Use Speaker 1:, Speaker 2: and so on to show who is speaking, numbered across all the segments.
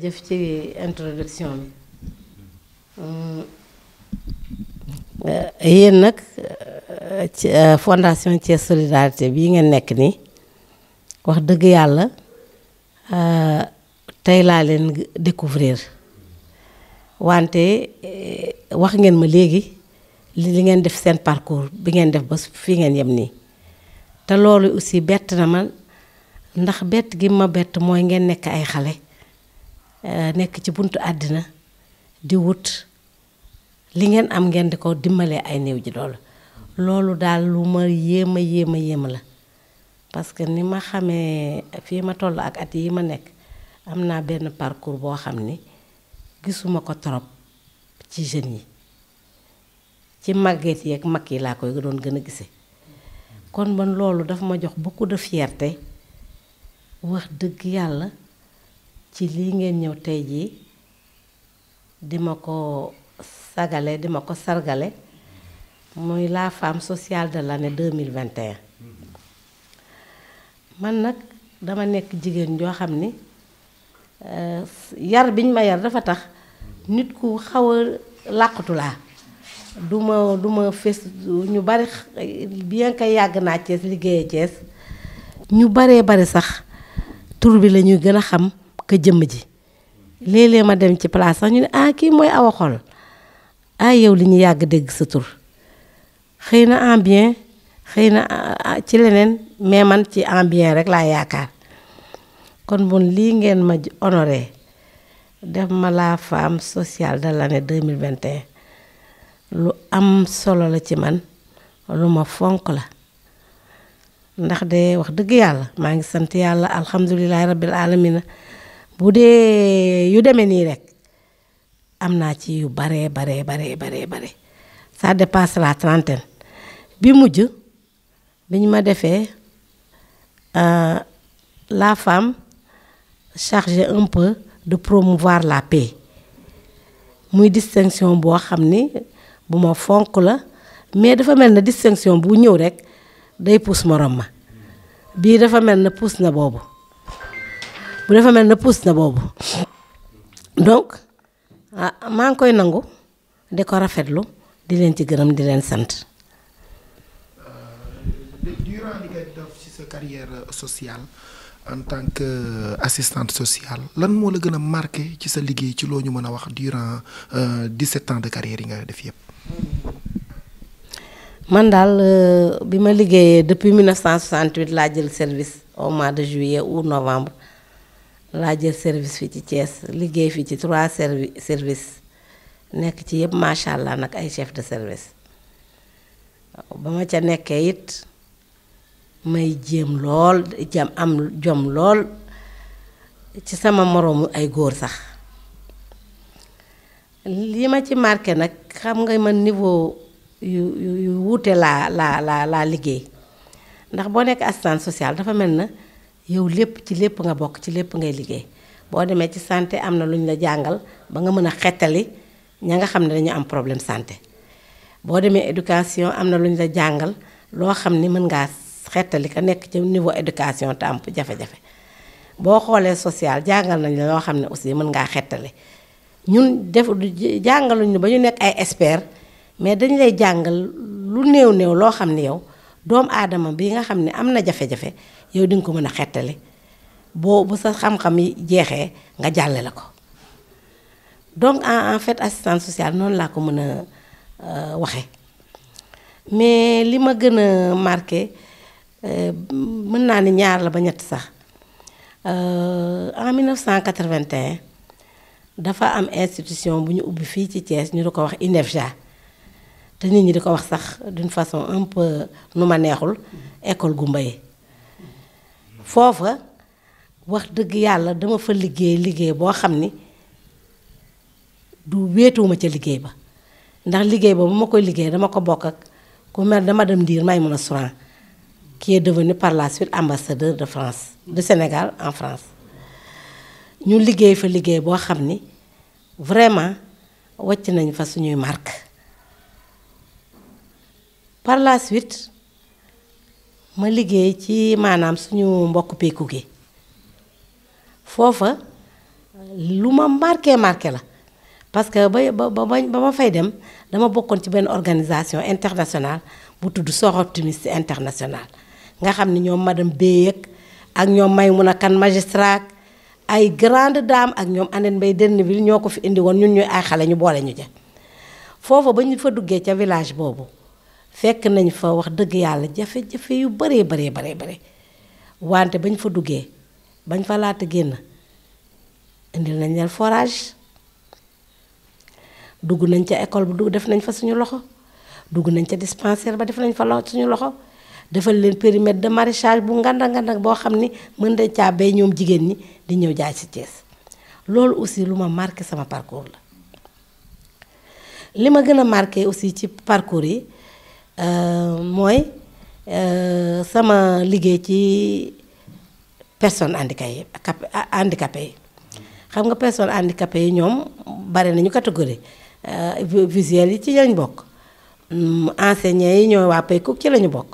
Speaker 1: jërëjëf ci introduction bi yéen nag ci euh, fondation Thiès solidarité bii ngeen nekk nii wax dëgg yàlla euh, tey laa leen découvrir wante euh, wax ngeen ma léegi li ngeen def seen parcours bi ngeen def ba fii ngeen yem nii te loolu aussi bett na ma ndax bett gi ma bett mooy ngeen nekk ay xale. Eh, nekk ci buntu àddina di wut li ngeen am ngeen di ko dimbalee ay néew ji doole loolu daal lu ma yéem a yéem a yéem la parce que ni ma xamee fii ma toll ak at yi ma nekk am naa benn parcours boo xam ni gisuma ko trop ci jeunes yi ci màgget yeeg mag yi laa koy doon gën a gise kon man loolu dafa ma jox beaucoup de fierté wax dëgg yàlla ci lii ngeen ñëw tey jii di ma ko sagale di ma ko sargale muy la femme sociale de l'année 2021 man nag dama nekk jigéen joo xam ni euh, yar biñ ma yar dafa tax nit ku xaw a làqatu laa du ma du ñu bari bien que yàgg naa Cees liggéeye Cees ñu baree bari sax tur bi lañuy gën a xam que jëmm ji léeg ma dem ci place sax ñu ne ah kii mooy awa xol ah li ñu yàgg dégg sa tur xëy na en bien xëy na ah, ah, ci leneen mais man ci en bien rek laa yaakaar kon bon lii ngeen ma honoré def ma la femme sociale de l'année 2021 lu am solo la ci man lu ma fonk la ndax de wax dëgg yàlla maa ngi sant yàlla alhamdulilahi rabbil alamina bu dee yu demee nii rek am naa ci yu baree bare baree baree bare ça dépasse la trentaine bi mujj bi ñu ma defee euh, la femme chargée un peu de promouvoir la paix muy distinction boo xam ni bu ma fonk la mais dafa mel na distinction bu ñëw rek day puus morom ma bii dafa mel na puus na boobu bu dafa mel na puus na boobu donc ah, maa ngi koy nangu de ko rafetlu di leen ci gërëm di leen sant.
Speaker 2: Euh, ci sa carrière euh, sociale en tant que euh, assistante
Speaker 1: sociale lan moo la
Speaker 2: gën a marqué ci sa liggéey ci loo ñu mën a wax durant 17 ans de carrière yi nga def yépp
Speaker 1: man daal bi ma liggéeyee depuis 1968 laa jël service au mois de juillet ou novembre laa jël service fii ci Thiès liggéey fii ci trois servi service nekk ci yëpp macha allah nag ay chef de service ba ma ca nekkee it may jéem lool jam am jom lool ci sama moroomu ay góor sax li ma ci marqué nag xam nga man niveau yu yu wuute laa laa laa laa liggéey ndax boo nekk assistante sociale dafa mel na yow lépp ci lépp nga bokk ci lépp ngay liggéey boo demee ci santé am na lu ñu la jàngal ba nga mën a xettali ña nga xam ne dañu am problème santé boo demee éducation am na lu ñu la jàngal loo xam ni mën ngaa xettali ka nekk ci niveau éducation te am jafe boo xoolee social jàngal nañ la xam ne aussi mën ngaa xettali ñun def jàngaluñu ba ñu nekk ay expert mais dañ lay jàngal lu néew néew loo xam ni yow doomu aadama bi nga xam ne am na jafe-jafe yow di nga ko mën a xettali boo bu sa xam-xam yi jeexee nga jàlle la ko donc en en fait assistance sociale noonu laa ko mën a euh, waxe mais li ma gën a marqué euh, mën naa ni ñaar la ba ñett sax euh, en 1981 dafa am institution bu ñu ubbi fii ci Thiès ñu di ko wax INEFJA te nit ñi di ko wax sax d'une façon un peu nu ma neexul école gu mbaye foofa wax dëgg yàlla dama fa liggéey liggéey boo xam ni du wéetuwuma ca liggéey ba ndax liggéey ba bu ma ko liggéey dama ko bokk ak ku mel dama dem ndiir may mun a Souran ki est devenu par la suite ambassadeur de France de Sénégal en France ñu liggéey fa liggéey boo xam ni vraiment wàcc nañ fa suñuy mark par la suite ma liggéey ci maanaam suñu mbokk pékku gi foofa lu ma marqué marqué la parce que ba ba ba ba ma fay dem dama bokkoon ci benn organisation internationale bu tudd Sox Optimiste International nga xam ni ñoom madame Béyek ak ñoom may mun a Kan magistrat ay grande dame ak ñoom Andène Mbaye Derneville ñoo ko fi indi woon ñun ñuy ay xale ñu boole ñu ja foofa ba ñu fa duggee ca village boobu fekk nañ fa wax dëgg yàlla jafe-jafe yu baree baree baree bare wante bañ fa duggee bañ fa laata génn indi nañ leen forage dugg nañ ca école bu dugg def nañ fa suñu loxo dugg nañ ca dispensaire ba def nañ fa lo suñu loxo defal leen périmètre de maraîchage bu nganda nganda boo xam ni mën dañ caa bay ñoom jigéen ñi di ñëw jaay ci Thiès loolu aussi lu ma marqué sama parcours la li ma gën a marqué aussi ci parcours yi Euh, mooy euh, sama liggéey ci personne handicapé handicapé yi xam nga personne handicapé yi ñoom bare nañu catégorie euh, visuelle yi ci lañ bokk mm, enseignant yi ñooy waa PAYCOOK ci lañu bokk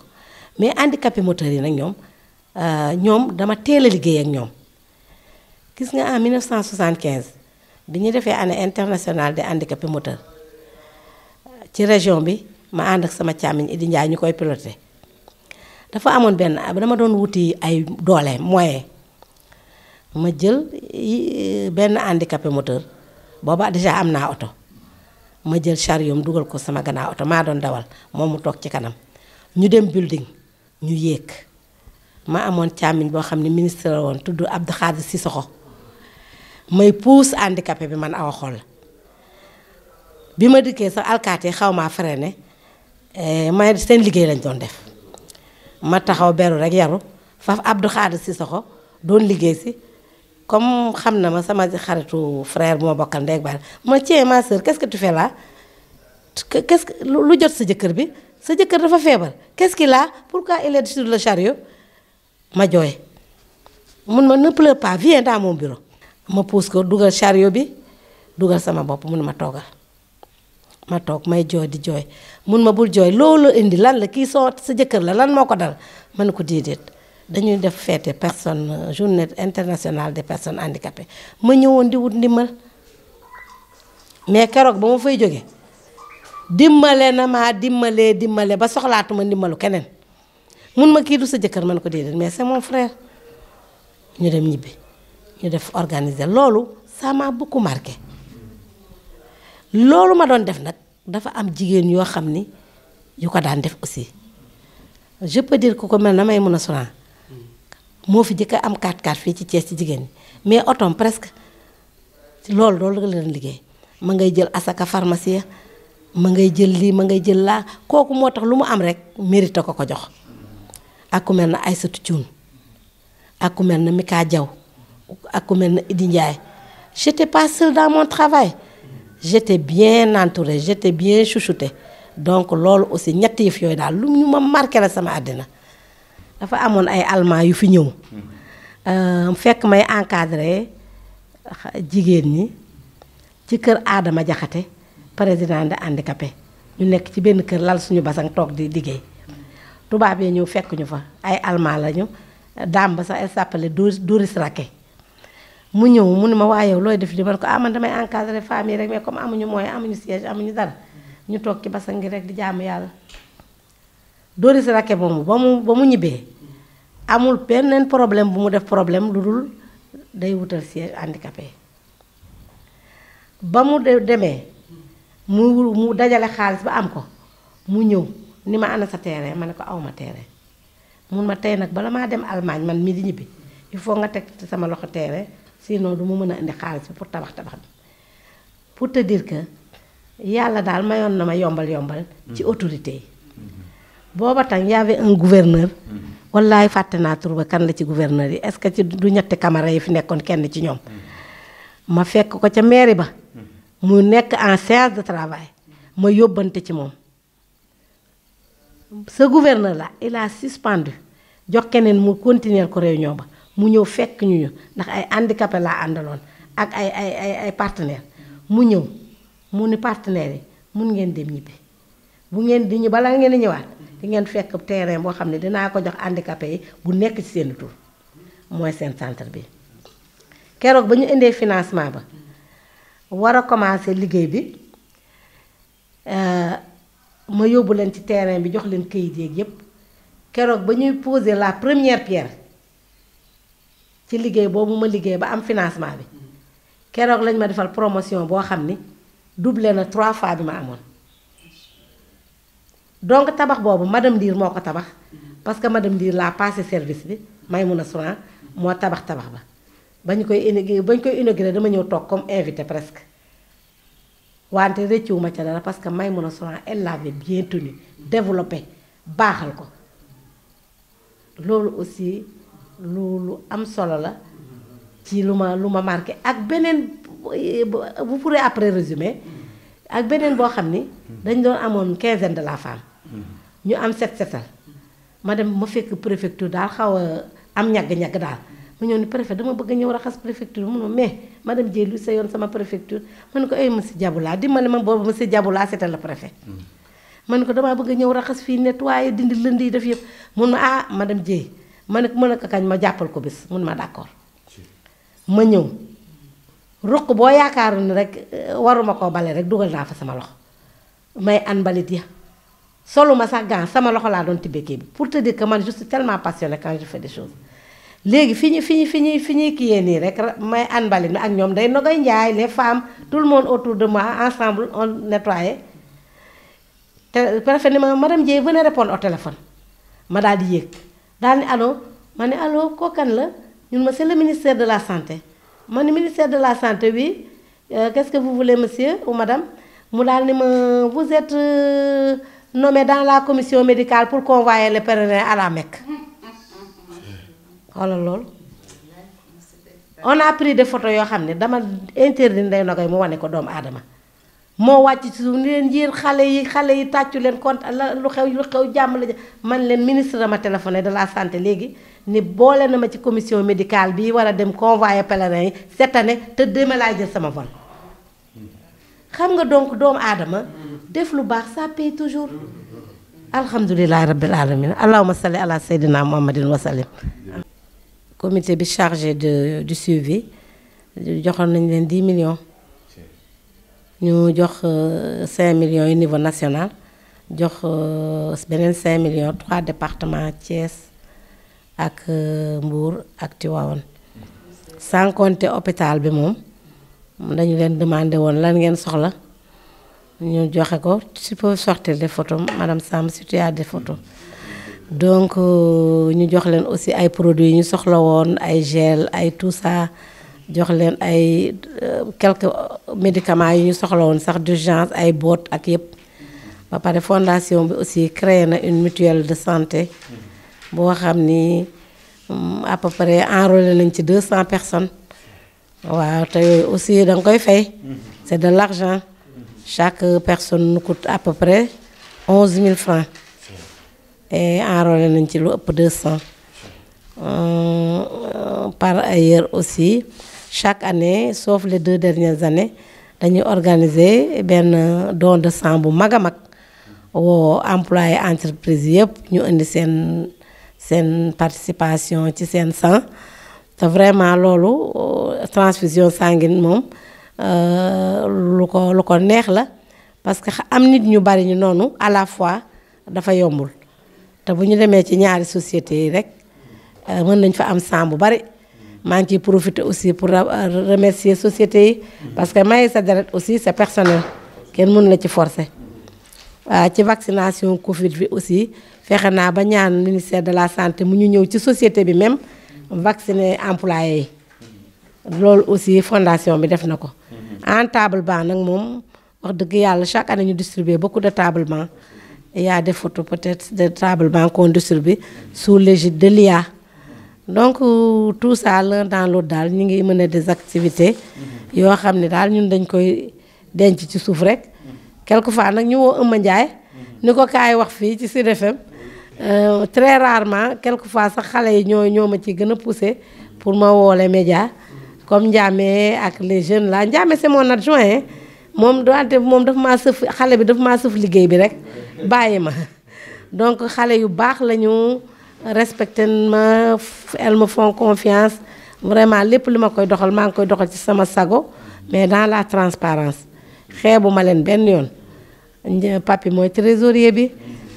Speaker 1: mais handicapé moteur yi nag ñoom ñoom dama teel a liggéey ak ñoom gis nga en 1975 bi ñu defee année internationale des handicapés moteurs ci région bi ma ànd ak sama càmmiñ Idi Ndiaye ñu koy piloté dafa amoon benn dama doon wuti ay doole moyen ma jël benn handicapé moteur booba déjà am naa oto ma jël chariot dugal ko sama gannaaw oto maa doon dawal moom mu toog ci kanam ñu dem building ñu yéeg ma amoon càmmiñ boo xam ne ministre woon tudd Abdou Khadir soxo may puus handicapé bi man awa xool bi ma dikkee sa alkaati xaw maa ne Eh, may seen liggéey lañ doon def ma taxaw beru rek yaru faf Abdou si soxo doon liggéey si comme xam na ma sama xaritu frère bu ma bokkal ndey ak ma tiens ma sœur qu'est-ce que tu fais là quest que lu jot sa jëkkër bi sa jëkkër dafa feebar qu'est-ce pour a pourquoi il est sur le chariot ma jooy mun ma ne pleure pas viens dans mon bureau ma pousse ko dugal chariot bi dugal sama bopp mun ma toogal ma toog may jooy di jooy mun ma bul jooy loolu indi lan la kii soo sa jëkkër la lan moo ko dal ma ne ko déedéet dañuy def feete personne journée internationale des personnes handicapées ma ñëwoon di wut ndimbal mais keroog ba ma fay jóge dimbale na maa dimbalee dimbale ba soxlaatuma ndimbalu keneen mun ma kii du sa jëkkër ma ne ko déedéet mais c'est mon frère ñu dem ñibbi ñu def organiser loolu ça m'a beaucoup marqué loolu ma doon def nag. dafa am jigéen yoo xam ni yu ko daan def aussi je peux dire ku ko mel na may mun a Sourang moo fi jëkk am 4 x fii ci Thiès ci jigéen ñi mais otoom presque loolu loolu la leen liggéey ma ngay jël asaka pharmacie ma ngay jël lii ma ngay jël laa kooku moo tax lu mu am rek mérite ko ko jox ak ku mel na ay Thioune ak ku mel na Mika Diaw ak ku mel na Idi Ndiaye j'étais pas seule dans mon travail. jete bien entourée j'étais bien chouchoutée donc loolu aussi ñetti yëf yooyu daal lu ñu ma marqué la sama àddina dafa amoon ay allemand yu fi ñëw euh, fekk may encadré jigéen ñi ci kër Adama Jaxate président de handicapé ñu nekk ci benn kër lal suñu basang toog di liggéey tubaab yi ñëw fekk ñu fa ay allemand lañu daam ba sax elle s'appelait Doris Raquet mu ñëw mu ne ma waa looy def li ma ne ko ah man damay encadrer femmes yi rek mais comme amuñu mooy amuñu siège amuñu dara ñu toog ci basang gi rek di jaamu yàlla. Doris rake moomu ba mu ba mu ñibbee amul beneen problème bu mu def problème lu dul day wutal siège handicapé ba mu demee mu mu dajale xaalis ba am ko mu ñëw ni ma ana sa terrain ma ne ko awma terrain mun ma tey nag bala maa dem Allemagne man mii di ñibbi il faut nga teg sama loxo terrain. sinon du mu mën a indi xaalis bi pour tabax tabax bi pour te dire que yàlla daal mayoon na ma yombal yombal. ci mm-hmm. autorité yi. booba tam y en un gouverneur. Mm-hmm. wallaay fàtte naa tur ba kan la ci gouverneur yi est-ce que ci du ñetti camara yi fi nekkoon kenn ci ñoom. Mm-hmm. ma fekk ko ca mairie ba. mu nekk en séance de travail. ma yóbbante ci moom. ce gouverneur là il a suspendu jox keneen mu continuer ko réunion ba mu ñëw fekk ñu ñu ndax ay handicapé laa àndaloon ak ay ay ay ay partenaire mu ñëw mu ni partenaires yi mun ngeen dem ñibbi bu ngeen di ñu balaa ngeen di ñëwaat di ngeen fekk terrain boo xam ne dinaa ko jox handicapé yi bu nekk ci seen tur mooy seen centre bi keroog ba ñu indee financement ba war a commencer liggéey bi euh, ma yóbbu leen ci terrain bi jox leen kayit yeeg yépp keroog ba ñuy poser la première pierre ci liggéey boobu ma liggéey ba am financement bi keroog lañ ma defal promotion boo xam ni doublé na trois fois bi ma amoon donc tabax boobu madame Ndiir moo ko tabax parce que madame Ndiir laa passé service bi may mun a suran moo tabax tabax ba bañ koy inauguré bañ koy inauguré dama ñëw toog comme invité presque wante rëccuwuma ca dara parce que may mun a suran elle l'avait bien tenu développé baaxal ko loolu aussi. lu lu am solo la ci lu ma lu ma marqué ak beneen vous pourrez après résumer ak beneen boo xam ni dañ doon amoon quinze quinzaine de la femme ñu am set setal ma dem ma fekk préfecture daal xaw a am ñagg-ñagg daal mu ñëw ni préfet dama bëgg ñëw raxas préfecture mu ne mais madame Dieye lu sa yoon sama préfecture ma ne ko ay eh, monsieur Diaboula dimbale ma boobu monsieur Diaboula c'était la préfet mm. ma ne ko damaa bëgg ñëw raxas fii waaye dindi lënd yi def yëpp mun ma ah ma dem Dieye ma ne ma ne ko kañ ma jàppal ko bis mun ma d'accord ma ñëw ruq boo yaakaaru ni rek eh, waruma koo bale rek dugal naa fa sama loxo may an mbalit ya soluma sax gan sama loxo laa doon tibbekee bi pour te dire que man je suis tellement passionnée quand je fais des choses léegi fi ñu fi ñu fi ñuy fi ñuy kiyee nii rek may an mbalit mi ak ñoom day nogay njaay les femmes tout le monde autour de moi ensemble on nettoyé te préfet ni ma madame Dieye venez répondre au téléphone ma di yéeg daal ni allo ma ne allo kokan la ñun ma c'est le ministère de la santé ma ne ministère de la santé bi euh, quest que vous voulez monsieur ou madame mu daal ni ma vous êtes euh, nommé dans la commission médicale pour convoyer les pèlerins à la Mecque xoolal loolu en a pris de photos yoo xam ne dama interdit Ndeye Nogay mu wane ko doomu aadama moo wàcc ci suuf ni leen yéen xale yi xale yi tàccu leen kontaan la lu xew lu xew jàmm la man leen ministre ma téléphoné de la santé léegi ni boole na ma ci commission médical bi war a dem convoyé pèlerin yi cette année te deme laa jël sama vol xam nga donc doomu aadama def lu baax ça paye toujours alhamdulilahi rabbil alamin allahuma salli ala sayyidina muhammadin wa sallim comité bi chargé de du suivi joxoon nañ leen 10 millions ñu jox euh, cinq millions yi niveau national jox euh, beneen 5 millions trois départements Thiès ak euh, Mbour ak Tivaouane sans compter bi moom dañu leen demandé woon lan ngeen soxla ñu joxe ko si peut sortir des photos madame Sam si tu des photos donc ñu jox leen aussi ay produits ñu soxla woon ay gel ay tout jox leen ay euh, quelques médicaments yi ñu soxla woon sax d'urgence ay boot ak yëpp ba pare fondation bi aussi créer na une mutuelle de santé boo xam ni mm, à peu près enrôlé nañ ci 200 personnes waaw aussi da nga koy fay. c'est de l'argent chaque personne nous coûte à peu près 11 000 francs et nañ ci lu ëpp 200 euh, euh, par ailleurs aussi. chaque année sauf les deux dernières années dañuy organiser benn don de sang bu mag a mag woo entreprise yëpp ñu indi seen seen participation ci seen san te vraiment loolu transfusion sanguine moom euh, lu ko lu ko neex la parce que am nit ñu bari ñu noonu à la fois dafa yombul te bu ñu demee ci ñaari société yi rek euh, mën nañ fi am sang bu bari maa ngi ciy profité aussi pour remercier société yi parce que maye sa deret aussi c'est personnel kenn mënu la ci forcer waaw ci vaccination Covid bi aussi fexe naa ba ñaan ministère de la santé mu ñu ñëw ci société bi même vacciner employé yi loolu aussi fondation bi def na ko. en table banc nag moom wax dëgg yàlla chaque année ñu distribuer beaucoup de table banc y a des photos peut-être de table banc qu'on distribue sous l'égide de l'IA donc tout ça l'un dans daal ñu ngi mën a des activités yoo xam ne daal ñun dañ koy denc ci suuf rek quelque quelquefois nag ñu woo Eumeu Ndiaye ni ko kaay wax fii ci Sud FM euh, très rarement fois sax xale yi ñoo ñoo ma ci gën a poussé pour ma woole média comme Ndiame ak les jeunes là Ndiame c'est mon adjoint moom doonte moom dafa maa sëf xale bi dafa maa sëf liggéey bi rek bàyyi ma donc xale yu baax lañu respecte ma elle me font confiance vraiment lépp li ma koy doxal maa ngi koy doxal ci sama sago mais dans la transparence xeebu ma leen benn yoon papi mooy trésorier bi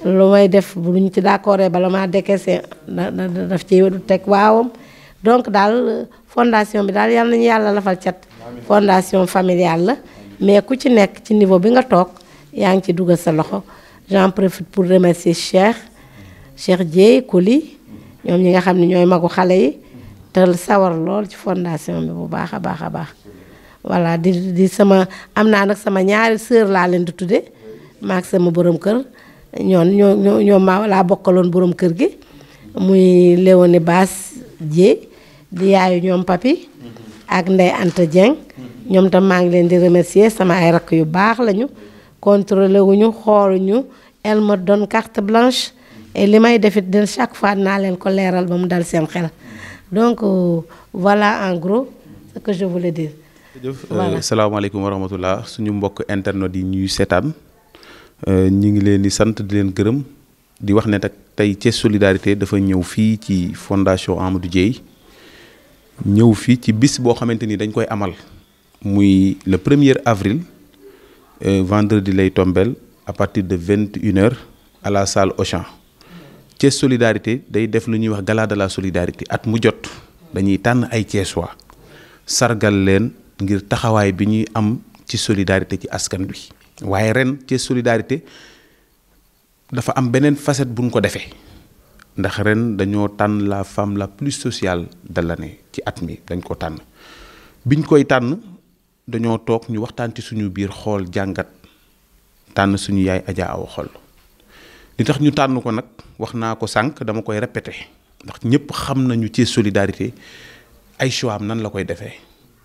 Speaker 1: lu may def lu ñu ci d'accordé bala maa décaissé daf ci teg waawam donc daal fondation bi daal yal nañu yàlla lafal cat fondation familiale la mais ku ci nekk ci niveau bi nga toog yaa ngi ci dugal sa loxo j'en profite pour remercier Cheikh Cheikh Dieye Koli ñoom ñi nga xam ne ñooy magu xale yi te sawar lool ci fondation bi bu baax a baax a baax voilà di di sama am naa nag sama ñaari sœur laa leen di tudde maak sama borom kër ñoon ñoo ñoom maa laa bokkaloon borom kër gi muy Léonie baas Dieye di yaayu ñoom papi ak Ndeye Anta Dieng ñoom tam maa ngi leen di remercier sama ay rakk yu baax lañu contrôlé xooluñu elle me blanche li may defit de chaque fois naa leen ko leeral ba mu dal seen xel donc euh, voilà en gros ce que je voulais dire.
Speaker 2: jërëjëf euh, salaamaaleykum wa suñu mbokk internet yi ñuy seetaan euh, ñu ngi leen di sant di leen gërëm di wax ne nag tey ce solidarité dafa ñëw fii ci fondation Amadou Dieye ñëw fii ci bis boo xamante ni dañ koy amal muy le premier avril vendredi lay tombel à partir de vingt une heure à la salle Auchan. Thiès solidarité day def lu ñuy wax gala de la solidarité at mu jot dañuy tànn ay Thiessois sargal leen ngir taxawaay bi ñuy am ci solidarité ci askan wi waaye ren Thiès solidarité dafa am beneen facette buñ ko defee ndax ren dañoo tànn la femme la plus sociale de l'année ci at mi dañ ko tànn biñ koy tànn dañoo toog ñu waxtaan ci suñu biir xool jàngat tànn suñu yaay Adja Awa Xol li tax ñu tànn ko nag wax naa ko sànq dama koy répété ndax ñëpp xam nañu ci solidarité ay choix am nan la koy defee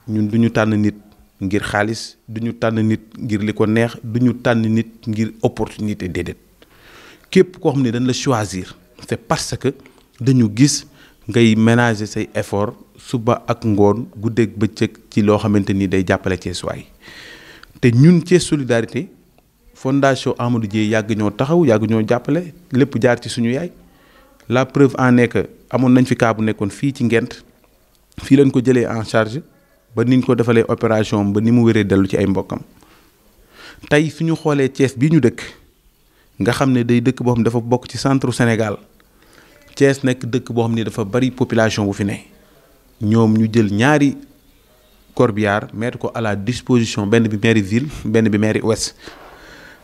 Speaker 2: ñun duñu tànn nit ngir xaalis duñu tànn nit ngir li ko neex du ñu tànn nit ngir opportunité déedéet képp koo xam ne dañ la choisir c'est parce que dañu gis ngay ménager say effort suba ak ngoon guddeeg bëccëg ci loo xamante ni day jàppale Ceesuwaay te ñun cee solidarité. fondation Amadou Dieye yàgg ñoo taxaw yàgg ñoo jàppale lépp jaar ci suñu yaay la preuve en nekk amoon nañ fi cas bu nekkoon fii ci Ngent fii lañ ko jëlee en charge ba niñ ko defalee opération ba ni mu wéree dellu ci ay mbokkam tey suñu xoolee cees bii ñu dëkk nga xam ne day dëkk boo xam ne dafa bokk ci centre Sénégal Thiès nekk dëkk boo xam ne dafa bari population bu fi ne ñoom ñu jël ñaari corbillard mettre ko à la disposition benn bi mairie ville benn bi mairie ouest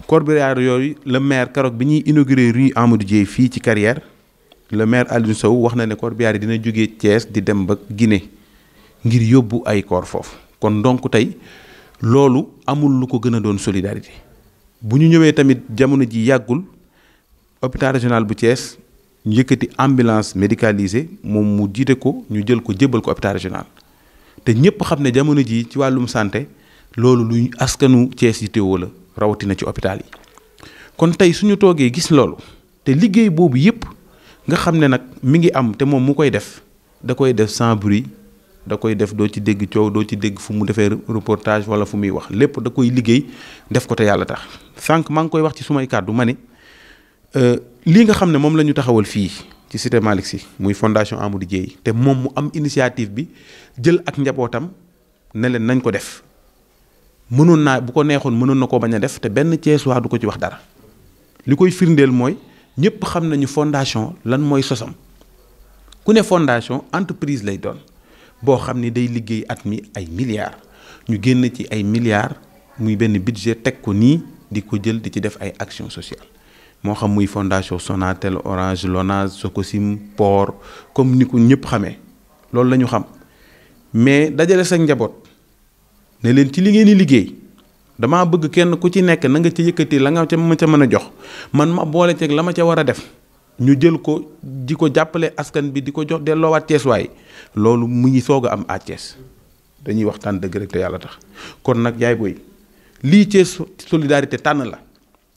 Speaker 2: corbillard yooyu le maire keroog bi ñuy inauguré rue Amadou Dieye fii ci carrière le maire Alioune Sow wax na ne corbillard yi dina jógee Thiès di dem ba Guinée ngir yóbbu ay corps foofu kon donc tey loolu amul lu ko gën a doon solidarité bu ñu ñëwee tamit jamono ji yàggul hôpital régional bu Thiès ñu yëkkati ambulance médicalisée moom mu jiite ko ñu jël ko jébbal ko hôpital régional te ñëpp xam ne jamono ji ci wàllum santé loolu luy askanu cees yi teewoo la rawatina ci hôpital yi kon tey suñu toogee gis loolu te liggéey boobu yëpp nga xam ne nag mi ngi am te moom mu koy def da koy def sans bruit da koy def doo ci dégg coow doo ci dégg fu mu defee reportage wala fu muy wax lépp da koy liggéey def ko te yàlla tax sànq maa ngi koy wax ci sumay kàddu ma ne euh, lii nga xam ne moom la ñu taxawal fii ci cité Malick muy fondation Amadou Dieye te moom mu am initiative bi jël ak njabootam ne leen nañ ko def mënoon naa bu ko neexoon mënoon na ko bañ a def te benn Cees waa du ko ci wax dara li koy firndeel mooy ñëpp xam nañu fondation lan mooy sosam ku ne fondation entreprise lay doon boo xam ni day liggéey at mi ay milliards ñu génn ci ay milliards muy benn budget teg ko nii di ko jël di ci def ay actions sociale moo xam muy fondation Sonatel Orange soo ko Socosim Port comme ni ko ñëpp xamee loolu la ñu xam mais dajale sa njaboot. ne leen ci li ngeen liggéey damaa bëgg kenn ku ci nekk na nga ca yëkkati la nga ca ma ca mën a jox man ma boole ceeg la ma ca war a def ñu jël ko di ko jàppale askan bi di ko jox delloowaat ceesuwaay loolu mu ngi soog a am à dañuy waxtaan dëgg te yàlla tax kon nag yaay booy lii Thiès solidarité tànn la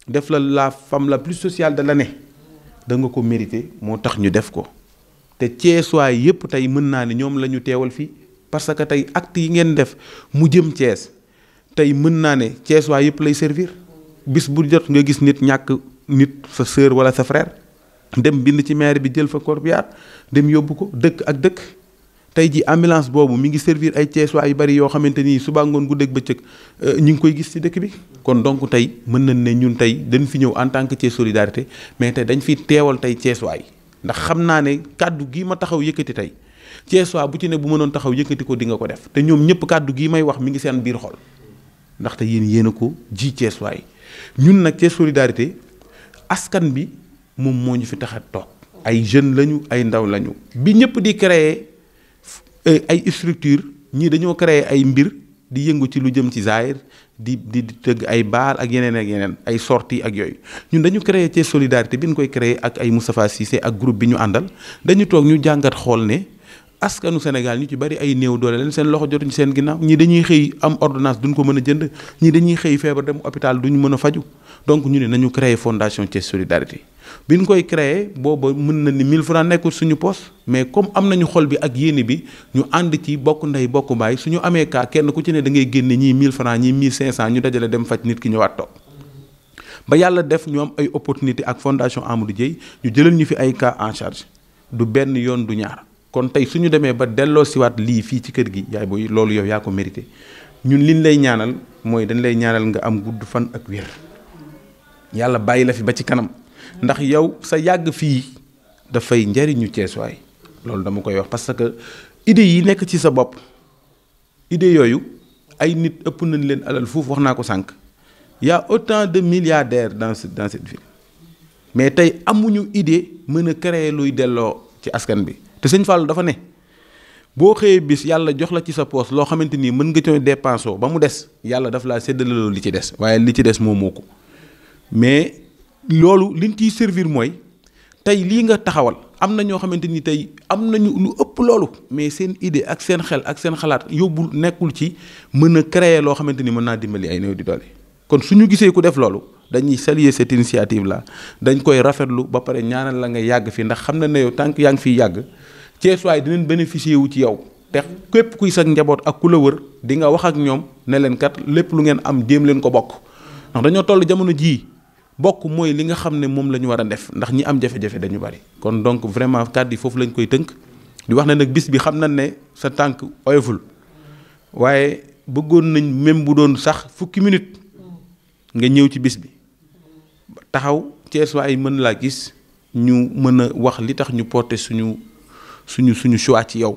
Speaker 2: def la laa fam la plus sociale de ne da nga ko mérité moo tax ñu def ko te ceesuwaay yépp tey mën naa ne ñoom la ñu teewal fii parce que tey acte yi ngeen def mu jëm Thiès tey mën naa ne Thiès waa yëpp lay servir bis bu jot nga gis nit ñàkk nit sa sœur wala sa frère dem bind ci maire bi jël fa corbillard dem yóbbu ko dëkk ak dëkk tey ji ambulance boobu mi ngi servir ay Thiès waa yu bari yoo xamante ni suba ngoon guddeeg bëccëg euh, ñu ngi koy gis ci dëkk bi. kon donc tey mën nañ ne ñun tey dañ fi ñëw en tant que Thiès solidarité mais tey dañ fi teewal tey Thiès waay ndax xam naa ne kàddu gii ma taxaw yëkkati tey. Ceesuwaa bu ci ne bu mënoon taxaw yëkkati ko di ko def te ñoom ñëpp kàddu gi may wax mu ngi seen biir xool ndaxte yéen yéen a ko ji Ceesuwaa yi ñun nag Thiès solidarité askan bi moom moo ñu fi tax a toog ay jeunes lañu ay ndaw lañu bi ñëpp di créer ay structure ñii dañoo créer ay mbir di yëngu ci lu jëm ci zaayir di di tëgg ay baal ak yeneen ak yeneen ay sorti ak yooyu ñun dañu créer Thiès solidarité bi ñu koy créer ak ay Moustapha Cissé ak groupe bi ñu àndal dañu toog ñu jàngat xool ne. askanu Sénégal ñu ci bari ay néew doole leen seen loxo jotuñ seen ginnaaw ñi dañuy xëy am ordonnance duñ ko mën a jënd ñii dañuy xëy feebar dem hôpital duñ mën a faju donc ñu ne nañu créer fondation Thiès solidarité bi ñu koy créer booba mën na ni mille francs nekkul suñu poste mais comme am nañu xol bi ak yéene bi ñu ànd ci bokk ndey bokk su ñu amee cas kenn ku ci ne da ngay génne ñii ñi francs ñii 1500 ñu dajale dem faj nit ki ñëwaat toog ba yàlla def ñu ay opportunité ak fondation Amadou Dieye ñu jëlal ñu fi ay cas en du benn yoon du ñaar kon tey su ñu demee ba delloo siwaat lii fii ci kër gi yaay booy loolu yow yaa ko mérité ñun liñ lay ñaanal mooy dañ lay ñaanal nga am gudd fan ak wér yàlla bàyyi la fi ba ci kanam ndax yow sa yàgg fii dafay njariñu ceesuwaay loolu dama koy wax parce que idée yi nekk ci sa bopp idée yooyu ay nit ëpp nañ leen alal foofu wax naa ko sànq y a autant de milliardaires dans ce dans cette ville mais tey amuñu idée mën a créer luy delloo ci askan bi te sëñ Fallou dafa ne boo xëyee bis yàlla jox la ci sa poos loo xamante ni mën nga cooy dépensé ba mu des yàlla daf laa séddaleloo li ci des waaye li ci des moo ko mais loolu liñ ciy servir mooy tey lii nga taxawal am na ñoo xamante ni tey am nañu lu ëpp loolu mais seen idée ak seen xel ak seen xalaat yóbbul nekkul ci mën a créer loo xamante ni mën naa dimbali ay néew di doole kon su ñu gisee ku def loolu dañuy saluer cette initiative là dañ koy rafetlu ba pare ñaanal la nga yàgg fii ndax xam na ne yow tant yaa ngi fiy yàgg Ceesuwaay dinañ bénéficier wu ci yow te képp kuy sa njaboot ak ku la wër di nga wax ak ñoom ne leen kat lépp lu ngeen am jéem leen ko bokk ndax dañoo toll jamono jii bokk mooy li nga xam ne moom la ñu war a def ndax ñi am jafe-jafe dañu bari kon donc vraiment kàddu foofu lañ koy tënk di wax ne nag bis bi xam na ne sa tànk oyoful waaye bëggoon nañ même bu doon sax fukki minute nga ñëw ci bis bi taxaw Cees waay mën laa gis ñu mën a wax li tax ñu porter suñu suñu suñu choix ci yow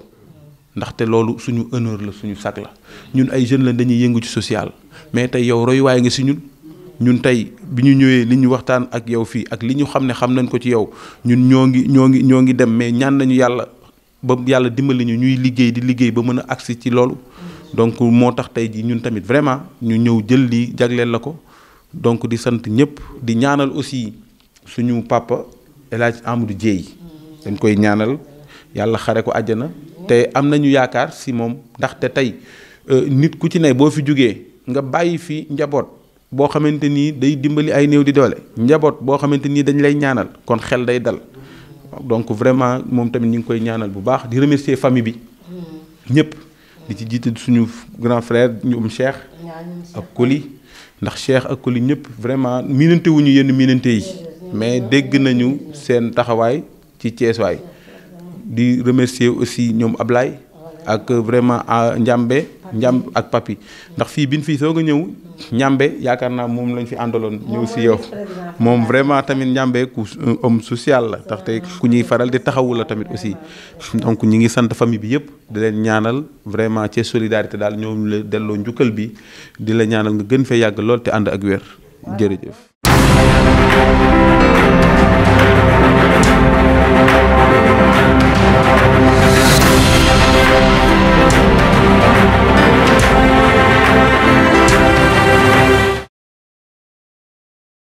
Speaker 2: ndaxte loolu suñu honneur la suñu sag la ñun ay jeunes lañ dañuy yëngu ci social mais tey yow royuwaay nga si ñun ñun tey bi ñu ñëwee li ñu waxtaan ak yow fii ak li ñu xam ne xam nañ ko ci yow ñun ñoo ngi ñoo ngi ñoo ngi dem mais ñaan nañu yàlla ba yàlla dimbali ñu ñuy liggéey di liggéey ba mën a agsi ci loolu donc moo tax tey ji ñun tamit vraiment ñu ñëw jël lii jagleel la ko donc di sant ñëpp di ñaanal aussi suñu papa El Hadj Amadou Dieye dañ koy ñaanal yàlla xare ko àjjana te am nañu yaakaar si moom ndaxte tey euh, nit ku ci ne boo fi jógee nga bàyyi fi njaboot boo xamante ni day dimbali ay néew di doole njaboot boo xamante nii dañ lay ñaanal kon xel day dal donc vraiment moom tamit ñu ngi koy ñaanal bu baax di remercier famille bi mm. ñëpp di ci jiite suñu grand frère ñoom um Cheikh ak Koli ndax Cheikh ak Coly ñëpp vraiment miinante wuñu yenn miinante yi mais dégg nañu seen taxawaay ci Ceesuwaay di remercier aussi ñoom Ablaye ak vraiment Njàmbe njàm ak papi ndax fii bin fii soo a ñëw njàmbe yaakaar naa moom lañ fi àndaloon ñëw si yow moom vraiment tamit njàmbe ku euh, homme social la ndaxte ku ñuy faral di taxawu la tamit aussi donc ñu ngi sant famille bi yëpp di leen ñaanal vraiment ce solidarité daal ñoom la delloo njukkal bi di la ñaanal nga gën fee yàgg lool te ànd ak wér jërëjëf